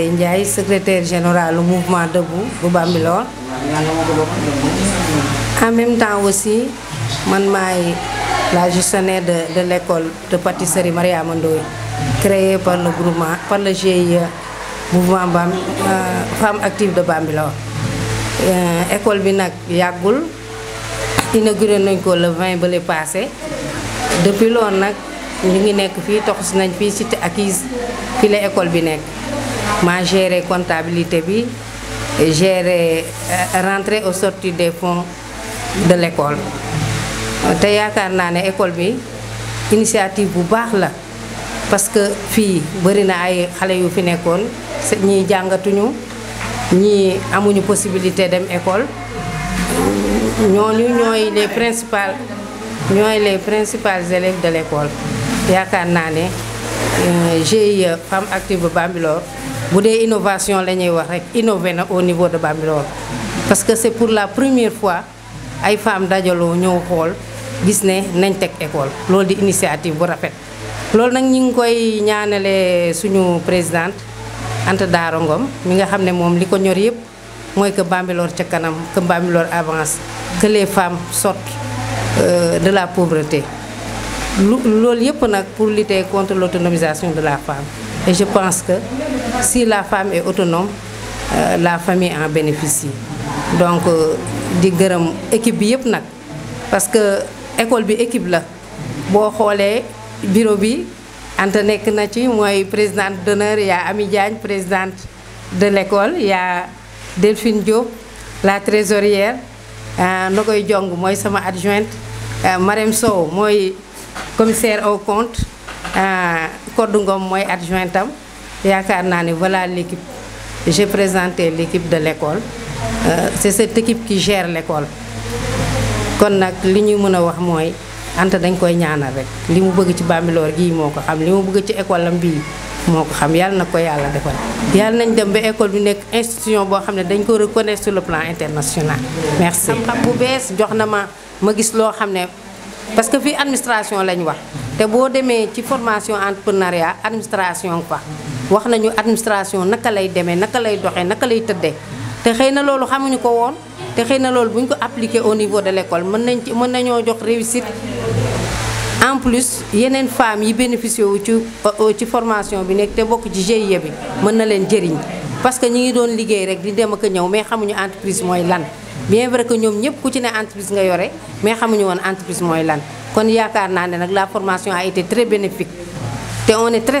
Ndiaye secrétaire général du mouvement Debout de Bambilor en même temps aussi je suis la gestionnaire de l'école de pâtisserie Maria Ndoye créée par le groupe par le GIE mouvement euh, femme active de Bambilor L'école euh, bi Yagul inauguré le 20 passé depuis lors, nous ngi Gère la comptabilité bi rentré euh, rentrée au sortie des fonds de l'école te suis naa école bi initiative parce que les filles qui ay à yu fi nekkoon ñi jàngatuñu ñi amuñu possibilité dem école l'école. ñoy les principales les principales élèves de l'école yakarna une eu e, Femme Active Bambilor il innovation lañuy wax rek au niveau de Bambilor parce que c'est pour la première fois ay femmes ont ñëw xol gis né nañ tek école lool di initiative bu rafet nous nak ñing c'est koy nous suñu présidente Anta Darongom mi nga xamné mom liko ñor que Bambilor femmes kanam que avance que les femmes sortent euh, de la pauvreté lool yépp nak pour lutter contre l'autonomisation de la femme et je pense que si la femme est autonome euh, la famille en bénéficie donc euh, di gërëm équipe bi parce que l'école est équipe la boo xoolee bureau bi Anta nekk na ci présidente d'honneur il y Ami Diagne présidente de l'école il y a Delphine Diop la trésorière euh, koy moi, c'est sama adjointe euh, Marème Sow moi, commissaire au compte euh, Ngom moi, adjointe voilà l'équipe j'ai présenté l'équipe de l'école euh, c'est cette équipe qui gère l'école kon nak li wax moy Anta dañ koy ñaanal rek bëgg ci Bambilor xam école xam école institution reconnaître sur le plan international merci bu ma gis parce que administration lañ formation entrepreneuriat administration quoi. wax nañu administration naka lay demee naka lay doxee naka lay tëddee te xëy na loolu xamuñu ko woon te xëy na loolu bu ko appliqué au niveau de l' mën nañ ci mën nañoo jox réussite en plus yeneen femmes yi bénéficié wu ci euh, ci formation bi nekk te bokk ci GIE bi mën na leen jëriñ parce que ñi ngi doon liggéey rek di dem ak a ñëw mais xamuñu entreprise mooy lan bien vrai que ñoom ñëpp ku ci ne entreprise nga yore mais xamuñu woon entreprise mooy lan kon yaakaar naa ne nag la formation a été très bénéfique te on est très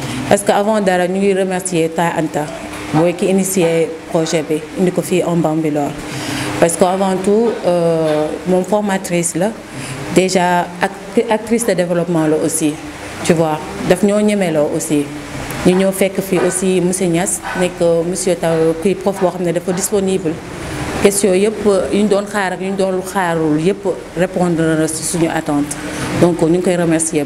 parce qu'avant avant la ñu remercier Ta Anta qui a initié projet B, indi ko en Bambilor parce qu'avant avant tout euh, mon formatrice là, déjà actrice de développement là aussi tu vois daf aimé là aussi ñu fait que fait aussi monsieur Niass que euh, monsieur Taw qui euh, prof boo xam dafa disponible question yëpp yu ñu une xaar ak une ñu doon xaarul yëpp répondre na suñu attente donc nous remercions koy remercier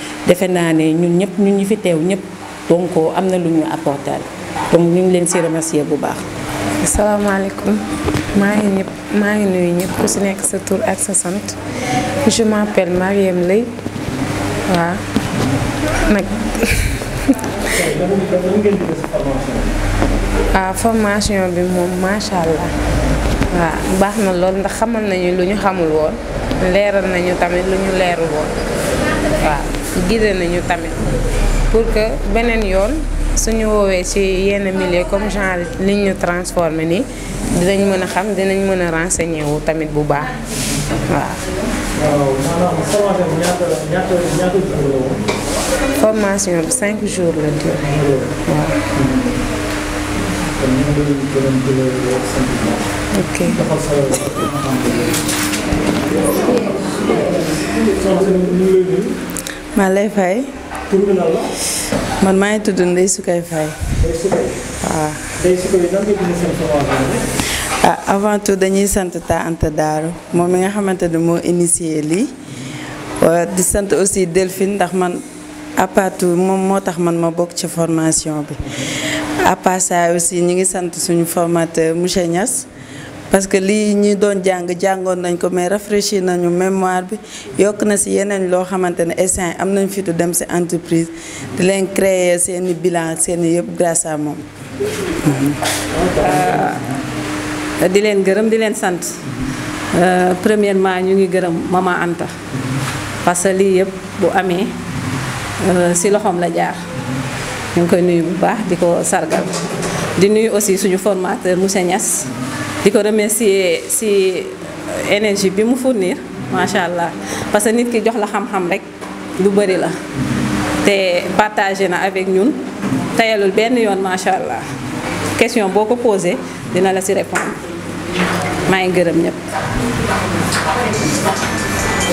defe naa ne ñun ñëpp ñu ñu fi teew ñépp donc am na lu ñu apporté donc ñu ngi leen si bu baax. asalaamaaleykum maa ngi ñëpp maa ngi nuyu ñëpp ku si nekk sa tour ak sa sant je m'appelle Mariam Leye waaw nag. waaw ah, formation bi moom macha allah waa baax na lool ndax xamal nañu lu ñu xamul woon leeral nañu tamit lu ñu leerul woon waaw. guidé nañu tamit pour que beneen yoon suñu woowee ci yenn milieu comme genre liñ ñu transformé nii dinañ mën a xam dinañ mën a renseigner wu tamit bu baax waaw. formation cinq jours la duré. waaw. maa lay fay. man maa ngi tudd Ndeye Soukay Faye. Ndeye Soukay. ah avant tout dañuy sant Ta Anta Daaru moom mi nga xamante ne moo initié lii di sant aussi Delphine ndax man apatu moom moo tax man ma bokk ci formation bi. à part aussi ñi ngi sant suñu formateur monsieur Niass. parce que li ñi doon jang jangon nañ ko mais rafraîchir nañu mémoire bi yok na ci yenen lo xamantene essai am nañ fitu dem ci entreprise di len créer sen bilan sen yeb grâce à euh di len gërëm di sante euh premièrement ñu ngi gërëm maman Anta parce que li yeb bu euh si loxom la jaar ñu ngi koy nuyu bu baax di sargal di nuyu aussi suñu formateur monsieur Niass di ko remercier si énergie bi mu fournir macha parce que nit ki jox la xam-xam rek lu bëri la te partagé na avec ñun tayalul benn yoon macha allah question boo ko posé dina la si répondre maa ngi gërëm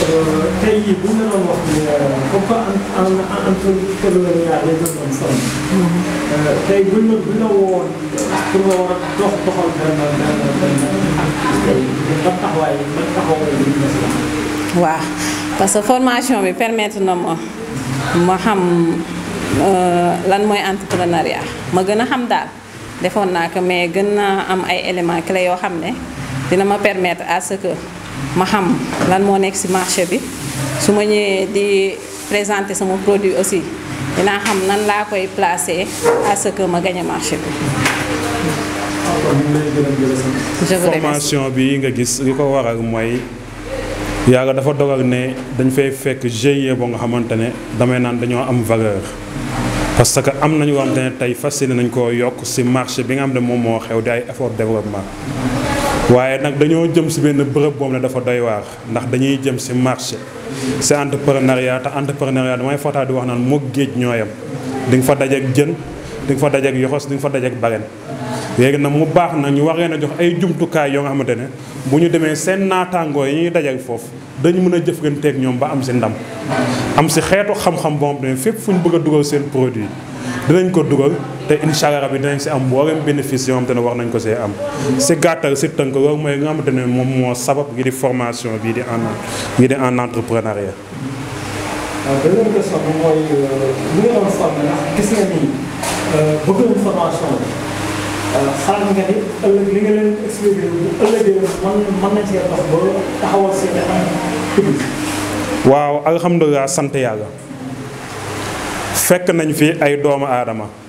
Euh, tey bu ñu la wax ne la waaw parce que formation bi permettre na moo ma xam euh, lan mooy entrepreneuriat ma gën a xam daal defoon naa ko mais gën naa am ay éléments clés yoo xam ne dina ma permettre à ce que. ma lan mo nek ci marché bi suma ñé di présenter sama produit aussi dinaa xam nan la koy placer à ce que ma gañe marché bi. formation bi nga gis li ko waral ya nga dafa dogal ne dañ fay fekk GIE bo nga xamante ne damay nan dañu am valeur. parce que am nañu loo xamante ne fasiné nañ ko yok ci marché bi nga am de mom mo xew day effort développement. waye nak dañoo jëm si benn bërepp boobu ne dafa doy waar ndax dañuy jëm si marché si entrepreneuriat te entrepreneuriat damay fota di wax naan moog géej ñooyam di nga fa ak jën di nga fa ak yoxos di nga fa ak bagen léegi na mu baax na ñu war na jox ay jumtukaay yoo nga xamante ne bu ñu demee seen naataangoo yi ñuy dajeeg foofu dañu mën a jëflanteeg ñoom ba am si ndam am si xeetu xam-xam boo xam ne fépp fu bëgg a dugal seen produit dinañ ko dugal te incha allah rabi dinañ si am mboolem bénéfice yoo xam te ne war nañ ko see am si gàttal si tënk loolu mooy nga xamante ne moom moo sabab gi di formation bii di en bii di en entrepreneuriat. waaw beneen euh, euh, euh, waaw alhamdulilah sant yàlla fekk nañ fi ay doomu aadama.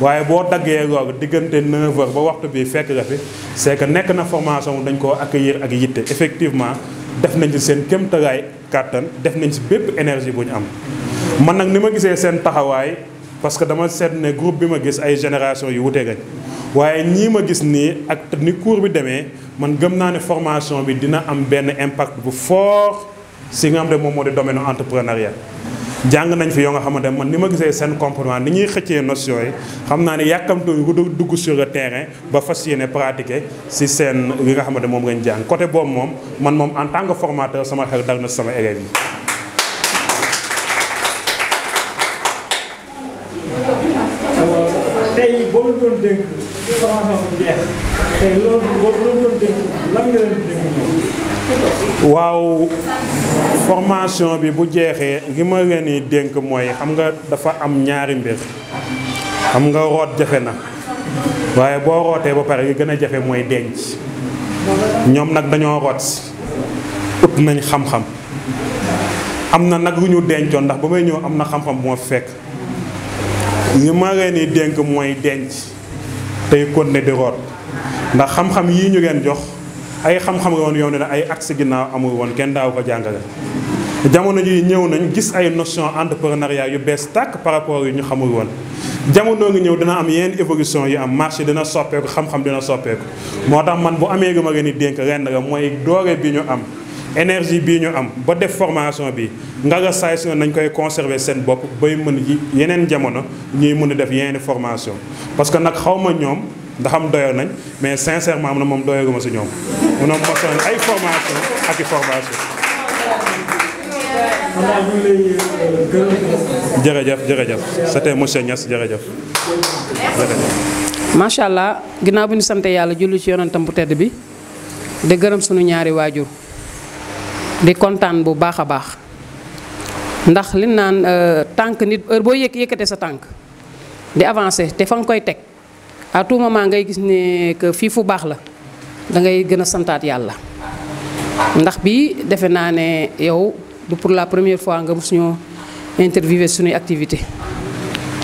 waye bo daggee loolu diggante 9 h ba waxtu bi fekk la fi c'est que nek na formation dañ ko accueillir ak yitté effectivement def nañ ci seen kéemtalaay carton def nañ ci bép énergie buñ am. man nak nima ma sen taxaway parce que dama seet né groupe bi ma gis ay génération yu wuté gañ waye ñii ma gis nii ak ni cours bi démé man gëm na né formation bi dina am ben impact bu fort si nga xam ne moom moo di domaine entrepreneuriat. jàng nañ fi yoo nga xamante man ni ma gisee seen comportement ni ñuy xëccee notion yi xam naa ne yàkkamtuñu ko dugg sur le terrain ba fas yéene pratiquer si seen li nga xamante moom lañ jàng côté boobu moom man moom en tant que formateur sama xel dal na sama élèves yi euh, waaw formation bi bu jeexee li ma leen di dénk mooy xam nga dafa am ñaari mbir xam nga root jafe na waaye boo rootee ba pare li gën a jafe mooy denc ñoom nag dañoo root si ut nañ xam-xam am na nag lu ñu dencoon ndax ba may ñëw am na xam-xam bu ma fekk li ma leen dénk mooy denc tey kon ne di root ndax xam-xam yii ñu leen jox ay xam-xam nga woon yow ay at si amul woon kenn daaw ko jàngale jamono ji ñëw nañ gis ay notion entrepreneuriat yu bees tàkk par rapport yu ñu xamul woon jamono ngi ñëw dina am yenn évolution yi am marché dina soppeeku xam-xam dina soppeeku moo tax man bu amee lu ma leen di dénk lenn la mooy doore bi ñu am énergie bii ñu am ba def formation bi nga la saay su nañ koy conserver seen bopp bay mën yi yeneen jamono ñuy mën a def yeneen formation parce que nag xaw ma ñoom ndax am doyo nañ mais sincèrement amna mom doyo guma si ñom mu ne ma sonal ay formation ak i formation jërëjëf jërëjëf c'était monsieur Niass jërëjëf macha allah ginnaaw bu ñu sante yàlla jullu ci yonentam bu tedd bi de gërëm suñu ñaari wajur di contane bu baaxa baax ndax li naan euh, tank nit heure yek yekete sa tank di avancer te fang koy tek à tout moment ngay gis ne que fii fu baax la da ngay gën a santaat yàlla ndax bi defe naa ne yow pour la première fois nga bu suñoo interviewé suñuy activité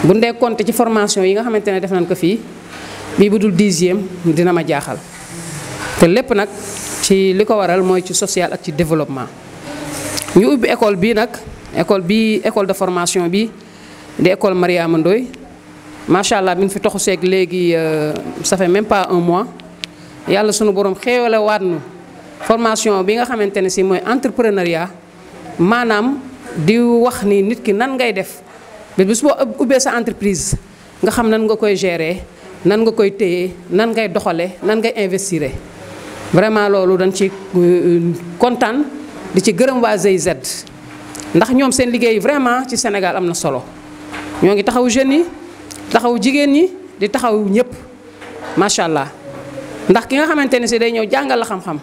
bu ndee compté ci formation yi nga xamante ne def nañ ko fii bii bu dul dixième dina ma jaaxal te lépp nag ci li ko waral mooy ci social ak ci développement ñu ubbi école bii nag école bi école de formation bi di école Mariama Ndoye macha allah bi ñu fi toxu seeg léegi euh, ça fait même pas un mois yàlla sunu borom xéewale waat nu formation bi nga xamante ne si mooy entrepreneuriat maanaam di wax ni nit ki nan ngay def ba bis boo ubbee sa entreprise nga xam nan nga koy gérer nan nga koy téye nan ngay doxale nan ngay investir vraiment loolu dañ ci euh, kontaan di ci gërëm waa GIZ ndax ñoom seen liggéey vraiment ci Sénégal am na solo ñoo ngi taxaw jeunes taxaw jigen ni di taxaw ñep machallah allah ndax ki nga xamantene ci day ñew jangal la xam-xam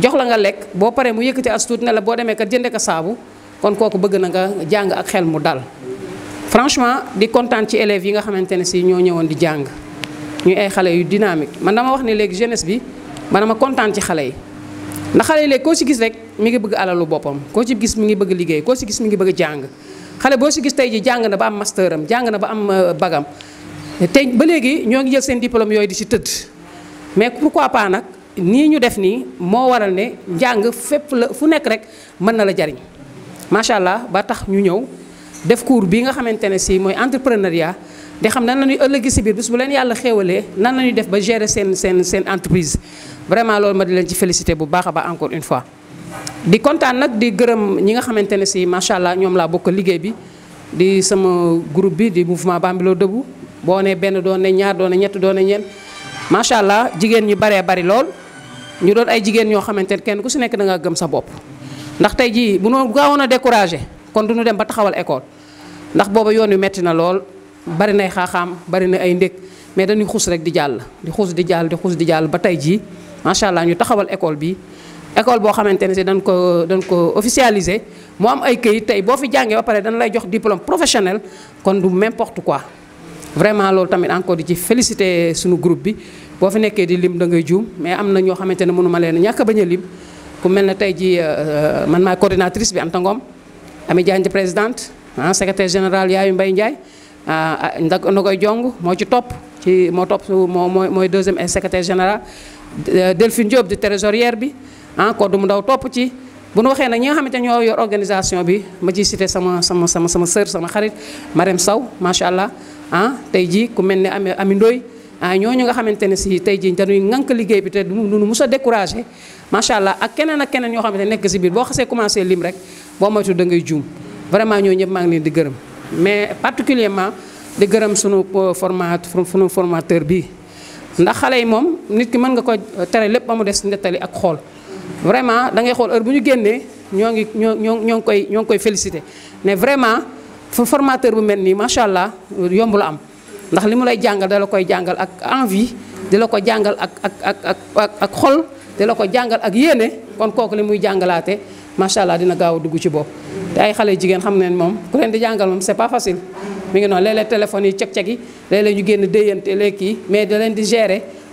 jox la nga lek bo paré mu yëkëti astut la bo démé ka jëndé ka saabu kon koku bëgg na nga jang ak xel mu dal franchement di kontaan ci élève yi nga xamantene ci ñoo di jang ñu ay xalé yu dynamique man dama wax ni léegi jeunesse bi man dama kontaan ci xalé yi ndax xalé ko ci gis rek mi ngi bëgg alalu bopam ko ci gis mi ngi bëgg liggéey ko ci gis mi ngi bëgg jang xale boo si gis tey ji jàng na ba am master am jàng na ba am euh, bagam tey ba léegi ñoo ngi jël seen diplôme yooyu di si tëdd mais pourquoi pas nag nii ñu def nii moo waral ne njàng fépp la fu nekk rek mën na la jariñ macha allah ba tax ñu ñëw def cours bi nga xamante ne si mooy entrepreneuriat di xam nan la ñuy ëllëg si biir bis bu leen yàlla xéewalee nan la ñuy def ba gérer seen seen seen entreprise vraiment loolu ma di leen ci félicité bu baax a ba encore fois. di kontaan nak di gërëm ñi nga xamante ci si ñom allah bokk liggéey bi di sama groupe bi di mouvement bambilo debu boo nee benn doon ne ñaar doon ne ñett doon ne ñeent macha allah ñu baree bari lool ñu doon ay jigen ño kenn ku ci nekk da nga gëm sa bop ndax tay ji bu no gaawoon a découragé kon duñu dem ba taxawal école ndax bobu yoon wi metti na lool bari nay xaxam bari na ay ndek mais dañuy xuss rek di jall di xuss di jall di xuss di jall ba tay ji machallah ñu taxawal école bi. école bo xamantene ne dañ ko dañ ko officialiser mo am ay këyit tay bo fi jangé ba pare dañ lay jox diplôme professionnel kon du n'importe quoi vraiment loolu tamit encore di ci féliciter suñu groupe bi bo fi nekkee di lim da ngay juum mais amna ño xamantene xamante ma mënuma ñaka ñàkk lim ku mel tay ji euh, euh, man ma coordinatrice bi Anta Ngom Ami Diagne présidente secrétaire général yaay mbay Ndiaye ndag na koy jong mo ci top ci mo top, mo mooy deuxième secrétaire général Delphine Diop du trésorière bi ah koddu mu ndaw topp ci bu nu waxee nag ñi nga xamante ñoo yor organisation bi ma ci cité sama sama sama sama sœur sama xarit Marème saw macha allah ah tey jii ku mel ne ami ami Ndoye ah ñooñu nga xamante ne si tey jii dañuy ŋànk liggéey bi te nu mus a découragé macha allah keneen ak keneen ñoo xamante nekk si biir boo xasee commencé lim rek boo moytu da ngay juum vraiment ñoo ñëpp maa ngi leen di gërëm mais particulièrement di gërëm sunu format sunu formateur bi ndax xale yi moom nit ki mën nga ko tere lépp ba mu des nettali ak xool vraiment da ngay xool heure félicité mais vraiment fa formateur bu mel nii am ndax lay jàngal envie ils ko jàngal ak ak ak ak a ci les ils ils pas facile mi ngi ils téléphones yi mais ils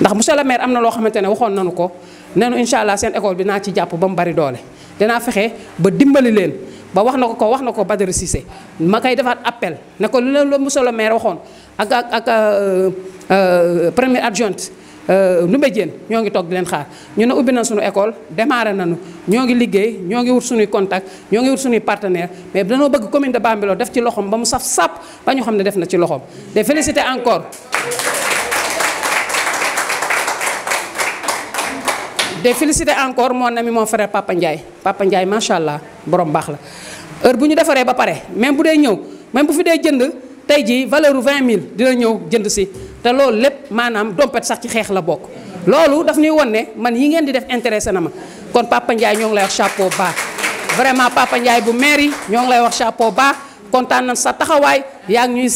ndax monsieur le maire am na loo xamante ne waxoon nañu ko nenu incha allah seen école bi naa ci jàpp ba mu bari doole dinaa fexe ba dimbali leen ba wax na ko ko wax na ko Badara Cissé ma koy defaat appel ne ko lu leen la monsieur le waxoon ak ak ak euh, euh, premier adjointe euh, Ndoumbé Diène ñoo ngi toog di leen xaar ñu ne ubbi na suñu école démarré nañu ñoo ngi liggéey ñoo ngi wut suñuy contact ñoo ngi wut suñuy partenaire mais danoo bëgg commune de Bambilor def ci loxoom ba mu saf sàpp ba ñu ne def na ci loxoom de encore de féliciter encore mon ami mon frère Papa ndjay Papa ndjay machallah borom bax la heure buñu défaré ba paré même bu dee même bu fi dé jënd tay ji valeur 20000 dina ñew jënd si té lool lepp manam dompet sax ci xeex la bok loolu daf ñuy won man yi ngeen di def intéressé na ma kon Papa ndjay ñong lay wax chapeau ba vraiment Papa ndjay bu mairie ñong lay wax chapeau ba kontaan nañ sa taxaway yaa ngi ñuy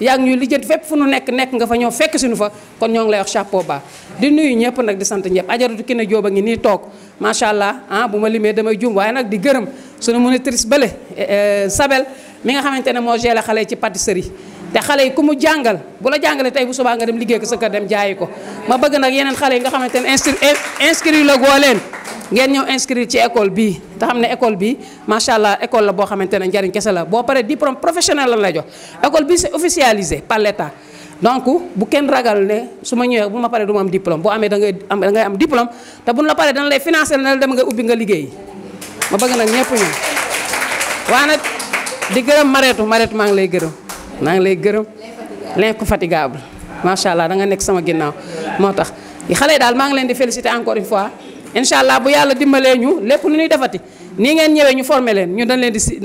yaa ngi ñuy lijjanti fépp fu nu nekk nekk nga fa ñëw fekk suñu fa kon ñoo ngi lay wax chapeau ba di nuyu ñëpp nag di sant ñëpp ajaratu Kiné Jóob a ngi nii toog macha allah ah, bu ma limee damay jum waaye nag di gërëm suñu monitrice bële eh, eh, Sabel mi nga xamante ne moo gélé xale ci pâtisserie te xale yi ku mu jàngal bu la jàngalee tey bu subaa nga dem liggéey ko sa ko dem jaayi ko ma bëgg nag yeneen xale yi nga xamante ne inscrit inscrit la goo leen ngeen ñeu inscrire ci école bi ta xamne ne école bii macha allah école la bo xamantene ndariñ kessa la bo paré diplôme professionnel la lay jox école bi c'est officialisé par l'état donc bu kenn ragal né suma ñëw bu ma du ma am diplôme boo amé da ngay am da ngay am diplôme ta bu la paré da lay financer na dem nga ubbi nga liggéey ma bëgg nak ñëpp ñu waa nag di gëreum mareetu mareetu ma ngi lay gëreum ma ngi lay gërëm l'infatigable macha allah da nga nek sama ginnaw motax tax xale daal ngi leen di féliciter encore une fois incha allah bu yàlla dimbalee ñu lépp lu ñuy defati nii ngeen ñëwee ñu former leen ñu dañ leen di si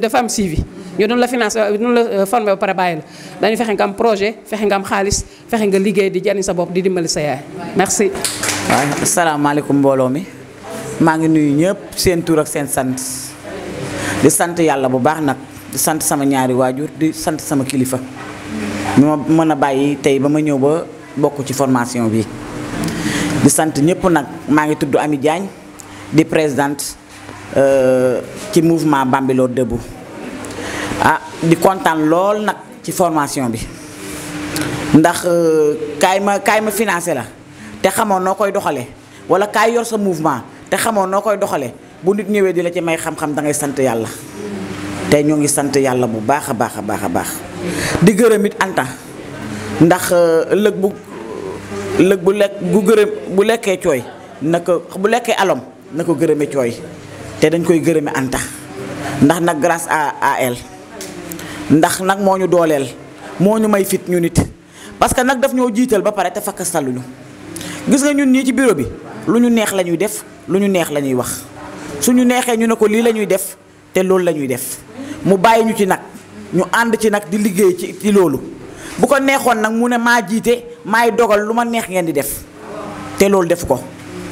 dafa am suivi ñu doon la finance ñu la euh, formé ba pare bàyyi la dañu fexe nga am projet fexe nga am xaalis fexe nga liggéey di jariñ sa bopp di dimbali sa yaay merci. waaw asalaamaaleykum mbooloo mi maa ngi nuyu ñëpp seen tur ak seen sant di sant yàlla bu baax nag di sant sama ñaari waajur di sant sama kilifa ñu ma mën a bàyyi tey ba ma ñëw ba bokk ci formation bi. di sant ñëpp nag maa ngi tudd Ami Diagne di présidente euh, ci mouvement Bambilor Debout ah di kontaan lool nag ci formation bi ndax euh, kaay ma kaay ma financé la te xamoon noo koy doxalee wala kaay yor sa mouvement te xamoon noo koy doxalee bu nit ñëwee di la ci may xam-xam da ngay sant yàlla te ñoo ngi sant yàlla bu baax a baax a baax a baax di gërëm it Anta ndax euh, ëllëg bu. lëg bu lekk gu gërëm bu lekkee cooy na bu lekkee alom na ko gërëme cooy te dañ koy gërëme antax ndax nag grâce a à elle ndax nag moo ñu dooleel moo ñu may fit ñu nit parce que nag daf ñoo jiital ba pare te fakk saluñu gis nga ñun ñii ci bureau bi lu ñu neex la ñuy def lu ñu neex la ñuy wax suñu neexee ñu ne ko lii la ñuy def te loolu la ñuy def mu bàyyi ñu ci nag ñu ànd ci nag di liggéey ci ci loolu bu ko neexoon nag mu ne maa jiite maay dogal lu ma neex ngeen di def te loolu def ko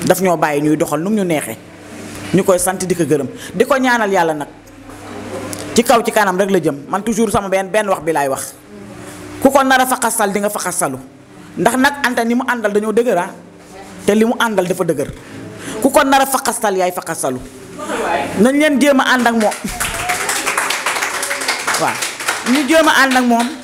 daf ñoo bàyyi ñuy doxal nu mu ñu neexee ñu koy sant di ko gërëm di ko ñaanal yàlla nag ci kaw ci kanam rek la jëm man toujours sama benn benn wax bi laay wax ku ko nar a faxasal di nga faxasalu ndax nag anta ni mu àndal dañoo dëgëraa ah. te li mu àndal dafa dëgër ku ko nara a faxasal yaay faxasalu nañ leen jéem a ànd ak moom waaw ñu jéem ànd ak moom.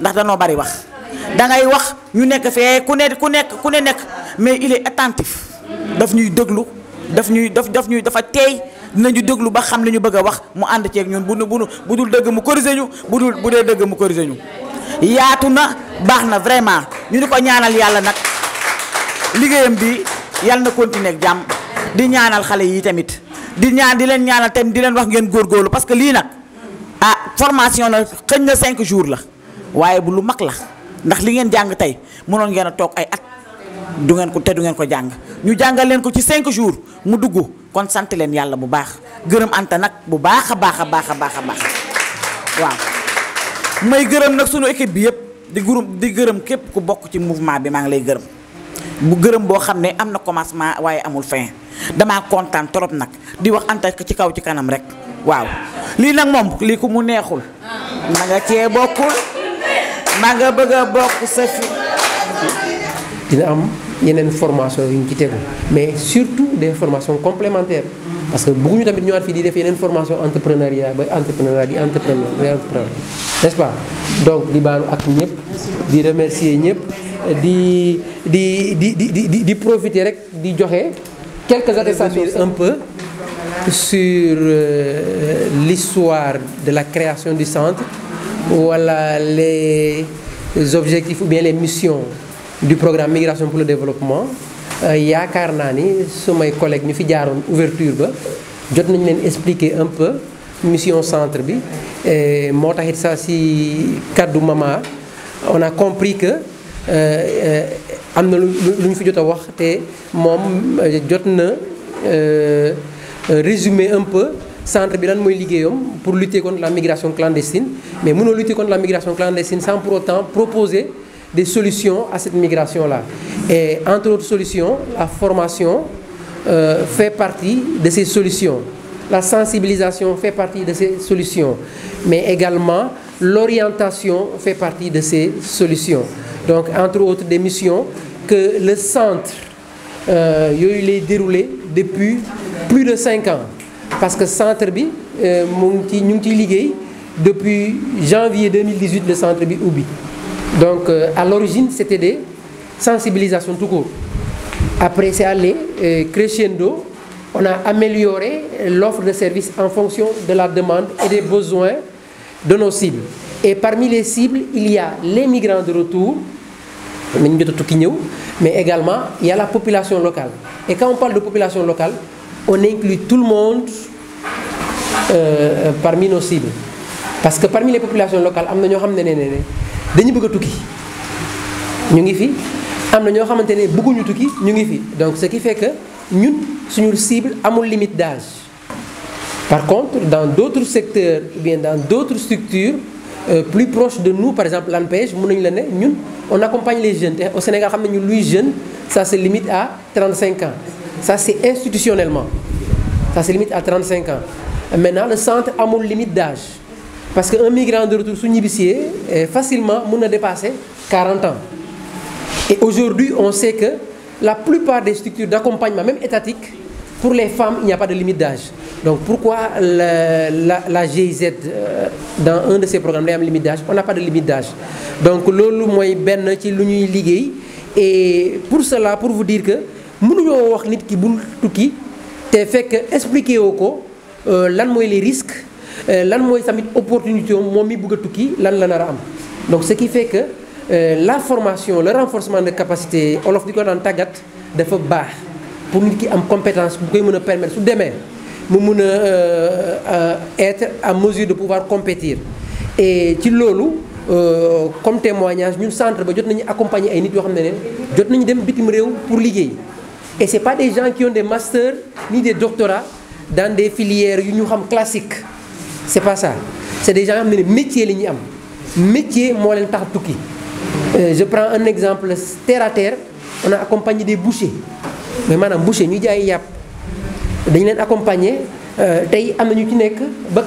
ndax no bari wax ngay wax ñu nek fi eh, ku ne ku nek ku mais il est attentif daf ñuy daf ñuy daf ñuy dafa tey ba xam li bëgg wax mu ñun bu bu bu dul mu corriger ñu bu dul bu mu corriger ñu yaatuna na vraiment ñu ko ñaanal yalla nak bi yalla na continuer ak jam di ñaanal tamit di ñaan di ñaanal di parce que l'île nak ah, formation la xëñ cinq jours la waye bu lu mak la ndax li ngeen jang tay mënoon ngeen a toog ay at du ngeen ko te du ngeen ko jang ñu jangal leen ko ci 5 jours mu duggu kon sant leen yalla bu baax geureum anta nak bu baaxa baaxa baaxa baaxa baax waaw may geureum nak suñu équipe bi yépp di geureum di geureum képp ku bok ci mouvement bi ma ngi lay geureum bu geureum bo ne commencement waye amul fin Dama kontaan trop nak di wax anta ci kaw ci kanam rek waaw li nak mom li ku mu neexul nga ci bokul Maga bëgg a bokk sa fi dina am yeneen formation yu ñu ci tegu mais surtout des formations complémentaires parce que bëgguñu tamit ñëwaat fii di def yeneen formation entrepreneuriat ba entrepreneuriat di entrepreneur di entrepreneur n'est-ce pas donc di baalu ak ñëpp di remercier ñëpp di di di di di profiter rek di joxe quelques attestations un peu sur euh, l'histoire de la création du centre voilà les objectifs ou bien les missions du programme Migration pour le développement euh, yaakaar ce sont mes collègues ont fi une ouverture ba jot nañu expliquer un peu mission centre Et je vous sa si kaddu mama on a compris que Nous euh, na nous fi euh, résumer un peu centre bi lan pour lutter contre la migration clandestine mais nous lutter contre la migration clandestine sans pour autant proposer des solutions à cette migration-là. Et entre autres solutions, la formation euh, fait partie de ces solutions. La sensibilisation fait partie de ces solutions. Mais également, l'orientation fait partie de ces solutions. Donc, entre autres, des missions que le centre il est déroulé depuis plus de cinq ans parce que centre bi euh, nous depuis janvier 2018 le centre bi oubi donc euh, à l'origine c'était des sensibilisations tout court après c'est allé euh, crescendo on a amélioré l'offre de services en fonction de la demande et des besoins de nos cibles et parmi les cibles il y a les migrants de retour mais également il y a la population locale et quand on parle de population locale on inclut tout le monde euh, euh, parmi nos cibles parce que parmi les populations locales nous avons des xam ne dañu bëgg a tukki ñu ngi fi donc ce qui fait que sommes suñu cible une limite d'âge par contre dans d'autres secteurs ou bien dans d'autres structures euh, plus proches de nous par exemple l'ANPEJ on accompagne les jeunes au Sénégal nous avons jeunes, jeune ça se limite à 35 ans ça, c'est institutionnellement. Ça se limite à 35 ans. Maintenant, le centre a une limite d'âge. Parce qu'un migrant de retour sous Nibissier, eh, facilement, a dépassé 40 ans. Et aujourd'hui, on sait que la plupart des structures d'accompagnement, même étatiques, pour les femmes, il n'y a pas de limite d'âge. Donc pourquoi la, GIZ, euh, dans un de ces programmes, il y a une limite d'âge On n'a pas de limite d'âge. Donc, c'est ce que Et pour cela, pour vous dire que mënuñu wax nit ki bul tukki te fekk expliqué woo ko euh, lan mooy les risques euh, lan mooy tamit opportunité moom mi bëgg a tukki lan la nar a am donc ce qui fait que euh, la formation le renforcement de capacité olof di ko daan tàggat dafa baax pour nit ki am compétence bu koy mën a permettre su demee mu mën a être à mesure de pouvoir compétir et ci loolu comme témoignage ñun centre ba jot nañu accompagner ay nit yoo xam ne ne jot nañu dem bitim réew pour liggéey et ce pas des gens qui ont des masters ni des doctorats dans des filières classiques. Ce n'est pas ça. C'est des gens qui ont des métiers. Métier, moi, euh, Je prends un exemple terre à terre. On a accompagné des bouchers. Mais madame, boucher, nous avons dañ leen accompagner euh,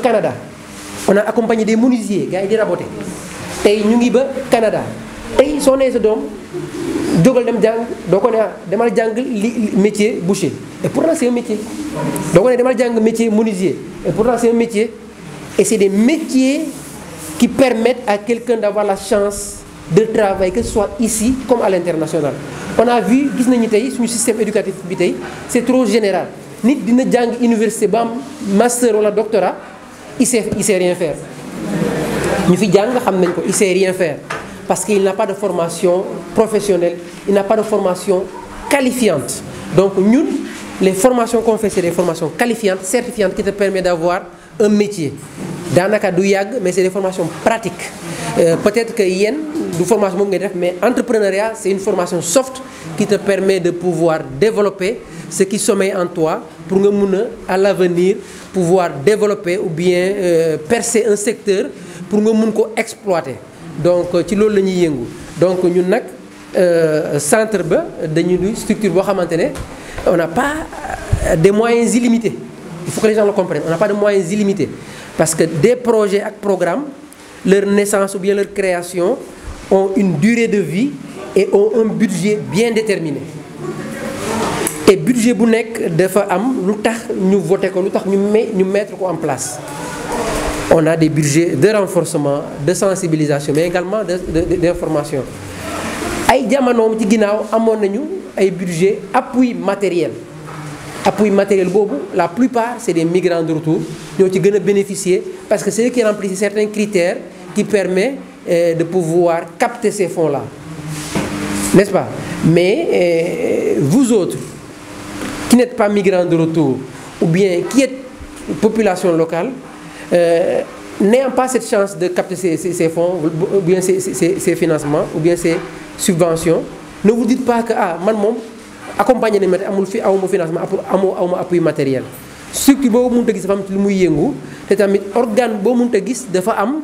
Canada on a accompagné des menuisiers gars yi di raboter tey Canada tey ce donc dem a do ko ne métier boucher et pourtant c'est un métier. Donc on a demal métiers métier menuisier et pourtant c'est un métier. et c'est des métiers qui permettent à quelqu'un d'avoir la chance de travailler que ce soit ici comme à l'international. on a vu gis nañu suñu système éducatif bi c'est trop général nit dina jang université bam master wala doctorat il ne sait rien faire ñu fi xam nañ ko il sait rien faire parce qu'il n'a pas de formation professionnelle, il n'a pas de formation qualifiante. Donc nous, les formations qu'on fait, c'est des formations qualifiantes, certifiantes, qui te permettent d'avoir un métier. cas du Yag, mais c'est des formations pratiques euh, peut-être que a du formation mais entrepreneuriat c'est une formation soft qui te permet de pouvoir développer ce qui sommeille en toi pour que à l'avenir pouvoir développer ou bien euh, percer un secteur pour que mun exploiter donc ci loolu la ñuy yëngu donc ñun nag euh, centre ba dañuy structure on n'a pas euh, des moyens illimités il faut que les gens le comprennent on n'a pas de moyens illimités parce que des projets des programmes leur naissance ou bien leur création ont une durée de vie et ont un budget bien déterminé et budget bu nekk dafa am lu nous ñu voté ko mettre en place on a des budgets de renforcement de sensibilisation mais également d'information ay jamonoom ci budget appui matériel appui matériel la plupart c'est des migrants de retour qui ont bénéficié, bénéficier parce que c'est eux qui remplissent certains critères qui permet euh, de pouvoir capter ces fonds là n'est-ce pas mais euh, vous autres qui n'êtes pas migrants de retour ou bien qui êtes population locale euh, n'ayant pas cette chance de capter ces, ces, fonds, ou bien ces, ces, financements, ou bien ces subventions, ne vous dites pas que, ah, man mom, accompagner les à un financement, mon appui matériel. structure qui est a c'est que les organes c'est muy te tamit organe boo dafa am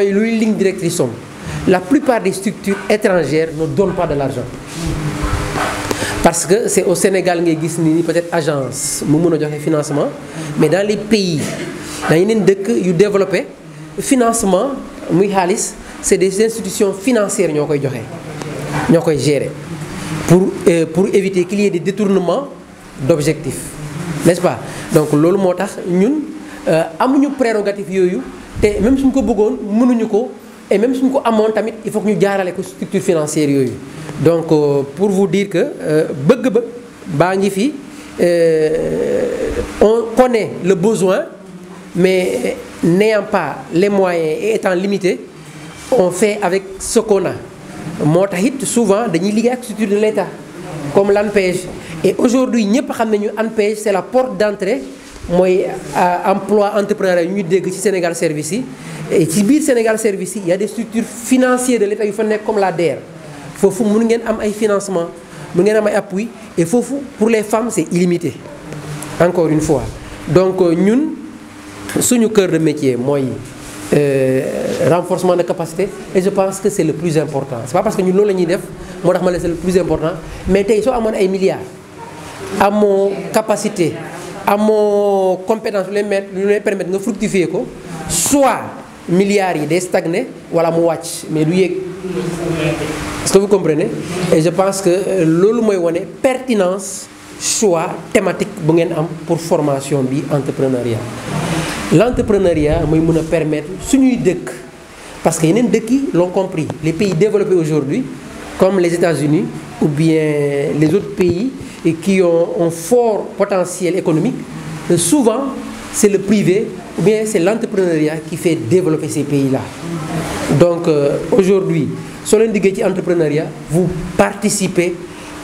luy ligne directrice la plupart des structures étrangères ne donnent pas de l'argent parce que c'est au Sénégal que nous ni peut-être agence mu mën financement mais dans les pays nous devons développer yu financement c'est des institutions financières qui ont été gérées pour euh, pour éviter qu'il y ait des détournements d'objectifs, nest ce pas donc nous avons des prérogatives amuñu prérogative et même si nous ne mënuñu ko et même nous ko amoon tamit il faut que nous gardions les structures financières. donc euh, pour vous dire que euh, bëgg on connaît le besoin mais n'ayant pas les moyens et étant limité on fait avec ce qu'on a Moi, je suis souvent dans les structures structure de l'État comme l'ANPEJ et aujourd'hui nous xam nañu c'est la porte d'entrée mooy euh, emploi entrepreneurial, du ñu Sénégal service et si le Sénégal service il y a des structures financières de l'État qui fa comme la DER Il que nous am un financement un appui et pour les femmes c'est illimité encore une fois donc euh, nous suñu cœur de métier le euh, renforcement de capacité et je pense que c'est le plus important n'est pas parce que nous loolu la c'est le plus important mais tey à a des milliards mon capacité mon compétence lu de permettre fructifier ko soit milliards yi day stagner wala mu mais lui, est. est-ce que vous comprenez et je pense que euh, loolu est pertinence choix thématique bu la pour formation bi entrepreneuriat L'entrepreneuriat entrepreneuriat permettre suñuy qu'il parce que en de qui l'ont compris les pays développés aujourd'hui comme les États-Unis ou bien les autres pays et qui ont un fort potentiel économique souvent c'est le privé ou bien c'est l'entrepreneuriat qui fait développer ces pays-là donc euh, aujourd'hui sur l'entrepreneuriat, vous participez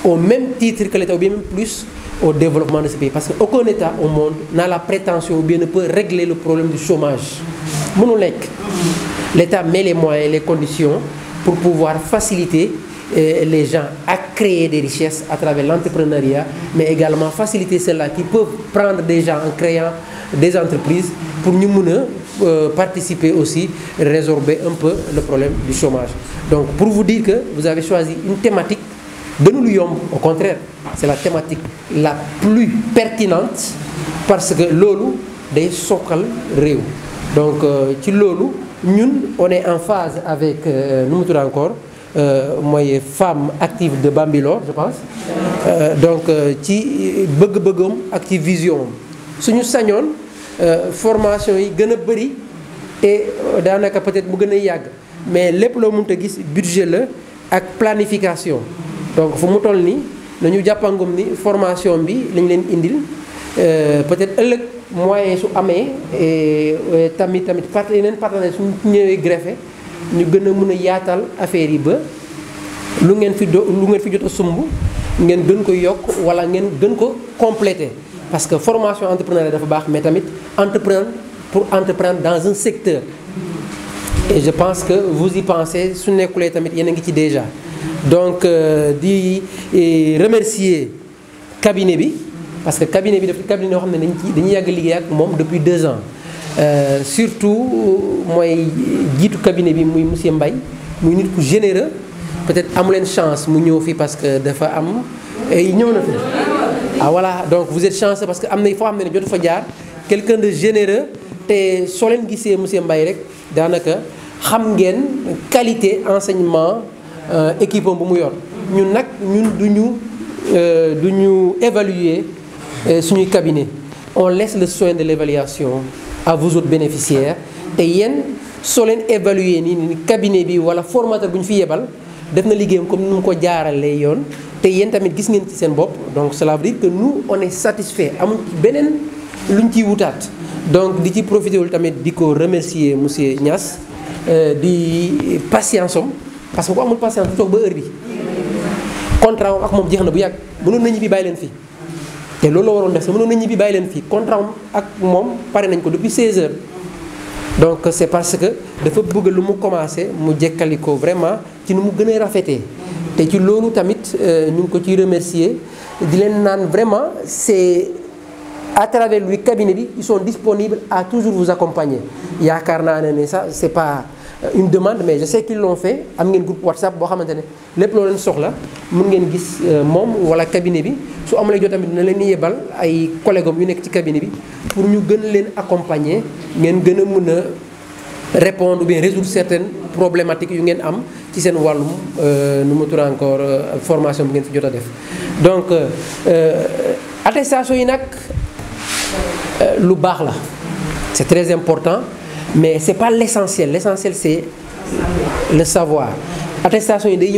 au même titre que l'État ou bien même plus au développement de ce pays. Parce qu'aucun État au monde n'a la prétention ou bien ne peut régler le problème du chômage. L'État met les moyens et les conditions pour pouvoir faciliter euh, les gens à créer des richesses à travers l'entrepreneuriat, mais également faciliter ceux-là qui peuvent prendre des gens en créant des entreprises pour nous euh, participer aussi, résorber un peu le problème du chômage. Donc pour vous dire que vous avez choisi une thématique gënul Yom, au contraire c'est la thématique la plus pertinente parce que l'Olu day sokkal réew donc euh, ci l'Olu, nous on est en phase avec euh, nous mu encore les euh, femme active de Bambilor je pense donc ci bëgg-bëggam ak vision, nous savons, la formation yi gën et bëri te peut-être plus gën mais lépp plus mënta gis budget la planification donc fu mu toll nii nañu jàppangum ni formation bi lañ leen indil euh, peut-être ëllëg moyen su amee euh, euh, tamit tamit part yeneen partenaire su ñëwee greffé ñu gën mëna yaatal affaire yi ba lu ngeen fi lu ngeen fi jot a ngeen gën ko yok wala ngeen gën ko compléter parce que formation entrepreneuriale dafa bax mais tamit entreprendre pour entreprendre dans un secteur et je pense que vous y pensez su nekkulee tamit yéen ngi ci déjà donc euh, di remercier cabinet bi parce que cabinet bi depuis cabinet yoo xam dañ ci dañuy yag liggéey ak mom depuis deux ans euh, surtout moy jiitu cabinet bi muy monsieur Mbaye muy nit ku généreux peut-être amulen chance mu ñëw fi parce que dafa am ñëw na fi ah voilà donc vous êtes chanceux parce que am il faut amener, ne jotu fa jaar quelqu'un de généreux té soo leen gisee monsieur Mbaye rek danaka xam ngeen qualité enseignement euh, équipe am bu mu yor ñun nak ñun duñu ñu euh, du évaluer euh, suñu cabinet on laisse le soin de l'évaluation à vous autres bénéficiaires té yeen soo évaluer ni cabinet bi wala formateur buñ fi yebal def na liggéeyam comme nous ko jaaralee yoon té yeen tamit gis ngeen ci seen bop donc cela veut dire que nous on est satisfait amul beneen luñ ci wutaat donc di ci profiter wol tamit di ko remercier monsieur Niass di patience parce que ku amul en du toog heure bi contrat ak mom jeex bu yàgg mënoon na bi bàyyi fi fii te loolu la waroon def sa mënoon na ñibbi bàyyi leen fii contrat ak mom pare nañ ko depuis 16 h donc c'est parce que dafa bëgg lu mu commencé mu jekkali ko vraiment ci nu mu gën rafété rafetee te ci loolu tamit euh, ñu ko ci remercier di len naan vraiment c'est à travers lui cabinet bi ils sont disponibles à toujours vous accompagner yaakaar naa ne ça c'est pas euh, une demande mais je sais qu'ils l'ont fait am un groupe WhatsApp boo xamante les lépp là, leen soxla mun ngeen gis euh, moom wala cabinet bi su amulee jot na ay collègues am yu nekk ci cabinet pour nous gën accompagner ngeen gën a répondre ou bien résoudre certaines problématiques yu ngeen am ci seen wàllum euh, nous tudd encore euh, formation bi ngeen fi jot def donc attestation yi nag lu baax la c'est très important mais c'est pas l'essentiel l'essentiel c'est le savoir attestation yi day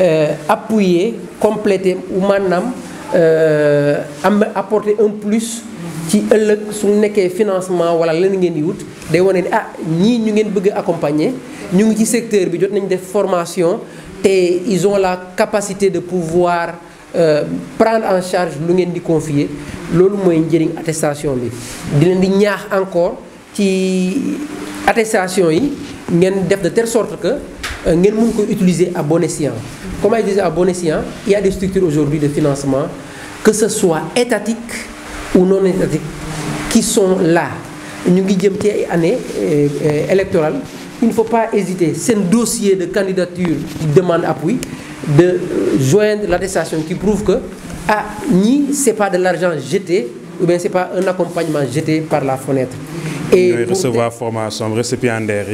euh, appuyer compléter ou maanaam euh, am apporter un plus ci ëllëg su financement wala lan ngeen di wut day ah ñii ñu ngeen bëgg accompagner ñu ci secteur bi jot des formations. formation ils ont la capacité de pouvoir Euh, prendre en charge lu ngeen di confier loolu mooy njëriñ attestation bi di leen di ñaax encore qui attestation yi de telle sorte que euh, ngeen mën ko utiliser à bon escient. comment disais à bon escient il y a des structures aujourd'hui de financement que ce soit étatique ou non étatique qui sont là ñu ngi jëm année euh, électorale il ne faut pas hésiter c'est un dossier de candidature qui demande appui de joindre l'attestation qui prouve que ah ni c'est pas de l'argent jeté ou bien c'est pas un accompagnement jeté par la fenêtre et ñooy recevoir formation récipiendaire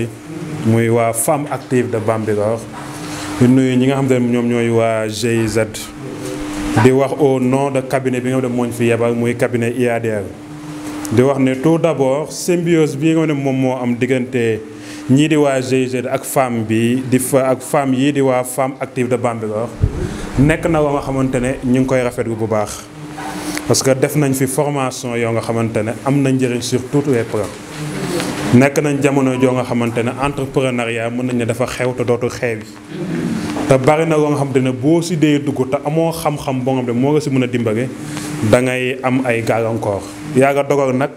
moy wa femme active de Bambilor ñu ñi nga xamantene ñom ñoy wa waa GIZ di wax au nom de cabinet bi nga xam ne fi yebal moy cabinet IADR di wax né tout d'abord symbiose bi nga xam ne moom moo am digënté ñi di wa GIZ ak femme bi di fa ak femme yi di wa femme active de Bambilor nek na wa nga xamante ñu koy rafet bu baax parce que def nañ fi formation yoo nga xamante ne am na njëriñ sur tous les plans nekk nañ jamono joo nga xamante ne entrepreneuriat mun nañ ne dafa xew te dootul xew yi te bari na loo nga xamante ne boo si dee dugg te amoo xam-xam boo xam ne moo nga si mën a dimbale da ngay am ay gàllankoor yàlla dogal nag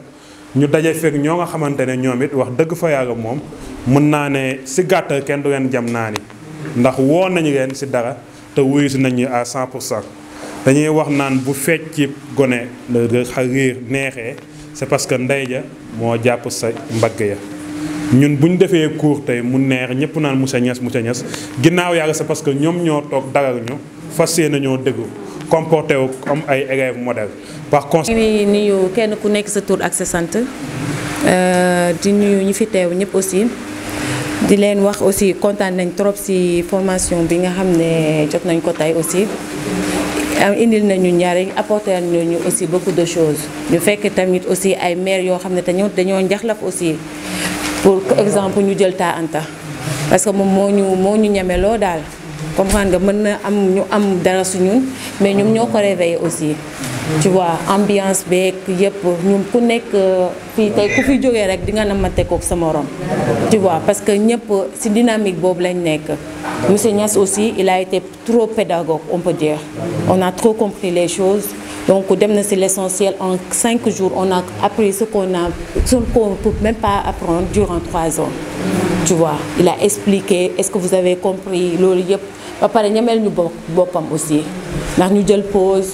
ñu daje fekk ñoo nga xamante ne ñoom it wax dëgg fa yàlla moom mën naa ne si gàttal kenn du leen jam naa ni ndax woo nañu leen si dara te wuyu nañu à 100 dañuy wax naan bu fecc gone riir neexee c'est parce que ndey ja moo jàpp sa mbagg ya ñun bu ñu defee cours tey mu neex ñëpp naan Moussa Niass Moussa Niass ginnaaw yàlla sa parce que ñoom ñoo toog dalal ñu fas yéene ñoo déglu comporté wu am ay élèves modèles par conséquent. ñu ku nekk sa tur ak sa sant euh, di nuyu ñu fi teew ñëpp aussi di leen wax aussi kontaan nañ trop ci formation bi nga xam ne jot nañ ko tey aussi. Euh, indil nañu njariñ apporter nañu aussi beaucoup de choses ñu fekk tamit aussi ay mère, yo xamné ne dañoo dañoo njaxlaf aussi pour exemple ñu jël taa anta parce que moom mo ñu mo ñu ñemeloo dal comprendre nga mën na am ñu am dara suñu mais ñoom ñoo ko réveillé aussi tu vois ambiance nous yep, ñun ku nekk euh, fii tey ku fi jógee rek di tu vois parce que c'est une dynamique monsieur Niass aussi il a été trop pédagogue on peut dire on a trop compris les choses donc c'est l'essentiel en cinq jours on a appris ce qu'on a ce qu'on peut même pas apprendre durant trois ans tu vois il a expliqué est-ce que vous avez compris Papa yep, ba aussi nous ñu jël pause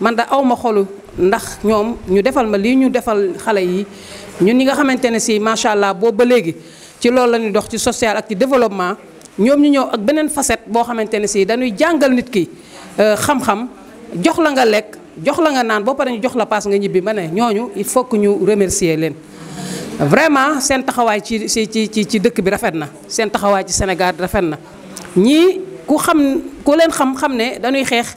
man da aw ma xolu ndax ñoom ñu defal ma lii ñu defal xale yi ñun ñi nga xamante ne si macha allah boobu ba léegi ci loolu la ñuy dox ci social ak ci développement ñoom ñu ñëw ak beneen facette boo xamante ne sii dañuy jàngal nit ki euh, xam-xam jox la nga lekk jox la nga naan boo pare ñu jox la paas nga ñibbi ma ne ñooñu il faut que ñu remercier leen. vraiment seen taxawaay ci ci ci ci dëkk bi rafet na seen taxawaay ci Sénégal rafet na ñii ku xam ku leen ne dañuy xeex.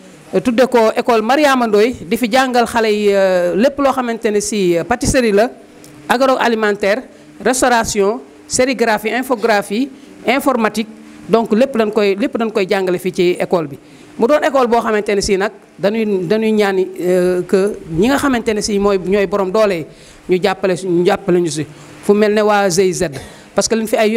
tudde ko école Mariama Ndoy di fi jàngal xalé yi euh, euh, pâtisserie agroalimentaire restauration sérigraphie infographie informatique donc lépp dañ koy lépp dañ koy école bi. mu doon école dañuy dañuy euh, que borom ñu ñu ñu parce que liñ fi ay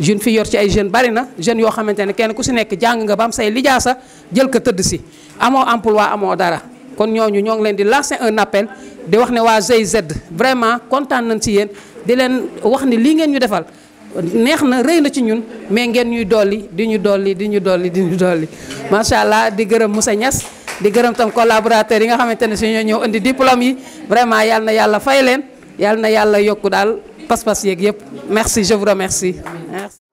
jeune fi yor ci ay jeune bari na jeunes yoo xamante ne kenn ku si nekk jàng nga ba am say sa jël ko tëdd si amoo emploi amoo dara kon ñooñu ñoo ngi leen di lancer un appel di wax ne waa GIZ vraiment kontaan nañ si yéen di leen wax ni lii ngeen ñu defal neex na rëy na ci ñun mais ngeen ñuy dolli di ñu dolli di ñu dolli di ñu dolli macha allah di gërëm Moussa Niass di gërëm tam collaborateurs yi nga xamante ne si ñoo ñëw indi diplôme yi vraiment yàlla na yàlla fay leen yàlla na yàlla yokku daal. pas-pas merci je vous remercie merci